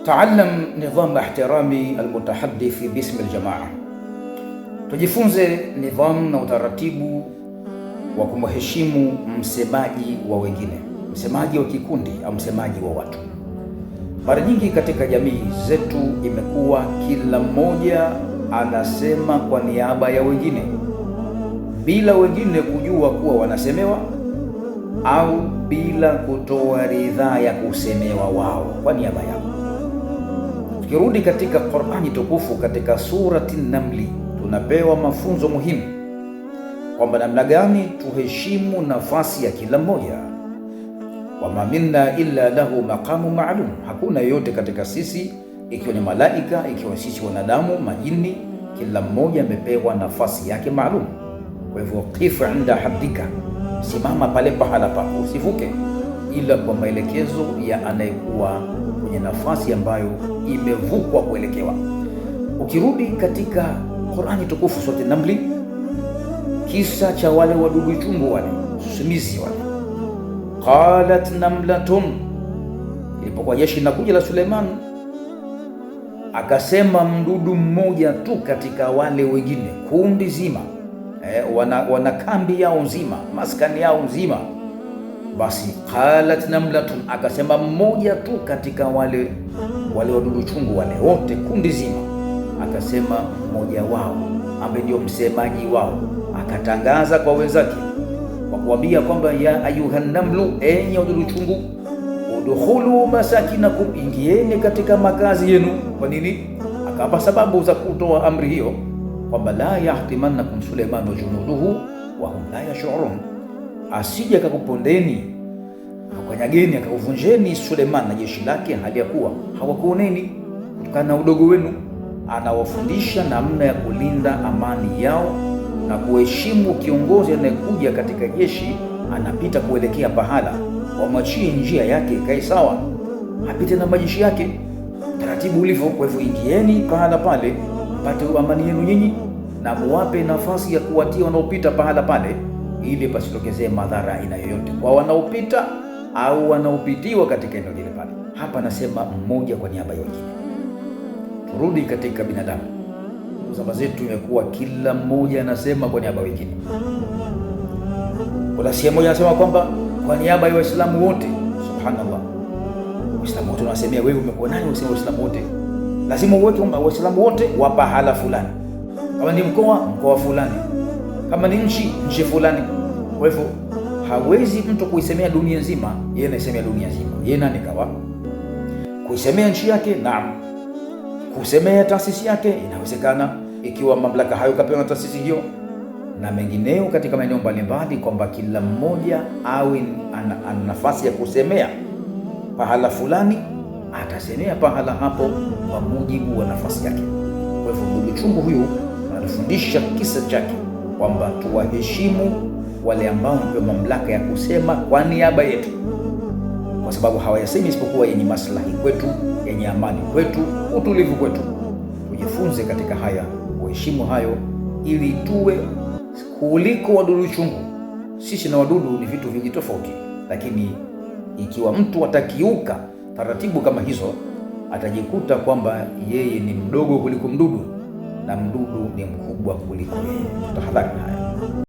Taallam nidhamu ihtirami almutahaddithi bismi aljamaa, tujifunze nidhamu na utaratibu wa kumheshimu msemaji wa wengine, msemaji wa kikundi au msemaji wa watu. Mara nyingi katika jamii zetu imekuwa kila mmoja anasema kwa niaba ya wengine bila wengine kujua kuwa wanasemewa au bila kutoa ridhaa ya kusemewa wao kwa niaba yao. Tukirudi katika Qur'ani tukufu katika surati Namli, tunapewa mafunzo muhimu kwamba namna gani tuheshimu nafasi ya kila mmoja. Wama minna illa lahu maqamu maalum, hakuna yoyote katika sisi, ikiwa ni malaika, ikiwa sisi wanadamu, majini, kila mmoja amepewa nafasi yake maalum. Kwa hivyo, kifa inda haddika, simama pale pahala pako, usivuke ila kwa maelekezo ya anayekuwa kwenye nafasi ambayo imevukwa kuelekewa. Ukirudi katika Qur'ani tukufu, sote Namli, kisa cha wale wadudu chungu wale susimizi wale, qalat namlatun, ilipokuwa jeshi linakuja la Suleiman, akasema mdudu mmoja tu katika wale wengine, kundi zima eh, wana, wana kambi yao nzima, maskani yao nzima basi qalat namlatun, akasema mmoja tu katika wale wale wadudu chungu wale wote, kundi zima, akasema mmoja wao ambaye ndio msemaji wao, akatangaza kwa wenzake kwa kuambia kwamba ya ayuhan namlu, enye wadudu chungu, udkhulu masakinakum, ingieni katika makazi yenu. Kwa nini? Akawapa sababu za kutoa amri hiyo kwamba la yahtimannakum Suleiman wa junuduhu wa hum la yashurun asije akakupondeni akakanyageni akakuvunjeni Suleiman na jeshi lake, hali ya kuwa hawakuoneni kutokana na udogo wenu. Anawafundisha namna ya kulinda amani yao na kuheshimu kiongozi anayekuja katika jeshi. Anapita kuelekea pahala, wamwachie njia yake ikae sawa, apite na majeshi yake taratibu ulivyo. Kwa hivyo ingieni pahala pale mpate amani yenu nyinyi, na muwape nafasi ya kuwatia wanaopita pahala pale ili pasitokezee madhara aina yoyote kwa wanaopita au wanaopitiwa katika eneo lile pale. Hapa nasema mmoja kwa niaba ya wengine. Turudi katika binadamu, zama zetu imekuwa kila mmoja anasema kwa niaba wengine. Kuna sehemu moja anasema kwamba kwa niaba ya Waislamu wote. Subhanallah, Waislamu wote unasemea wewe, umekuwa nani usema Waislamu wote? Lazima uweke Waislamu wote wa pahala fulani, kama ni mkoa, mkoa fulani kama ni nchi nchi fulani. Kwa hivyo hawezi mtu kuisemea dunia nzima, yeye anaisemea dunia nzima. Yeye nani kawa? Kuisemea nchi yake, naam. Kusemea taasisi yake inawezekana, ikiwa mamlaka hayo kapewa na taasisi hiyo na mengineo katika maeneo mbalimbali, kwamba kila mmoja awe ana nafasi ya kusemea pahala fulani, atasemea pahala hapo kwa mujibu wa nafasi yake. Kwa hivyo Mdude Chungu huyu anafundisha kisa chake kwamba tuwaheshimu wale ambao wamepewa mamlaka ya kusema kwa niaba yetu, kwa sababu hawayasemi isipokuwa yenye maslahi kwetu, yenye amani kwetu, utulivu kwetu. Tujifunze katika haya, kuheshimu hayo, ili tuwe kuliko wadudu chungu. Sisi na wadudu ni vitu vingi tofauti, lakini ikiwa mtu atakiuka taratibu kama hizo, atajikuta kwamba yeye ni mdogo kuliko mdudu na mdudu ni mkubwa kuliko yeye. haya nayo.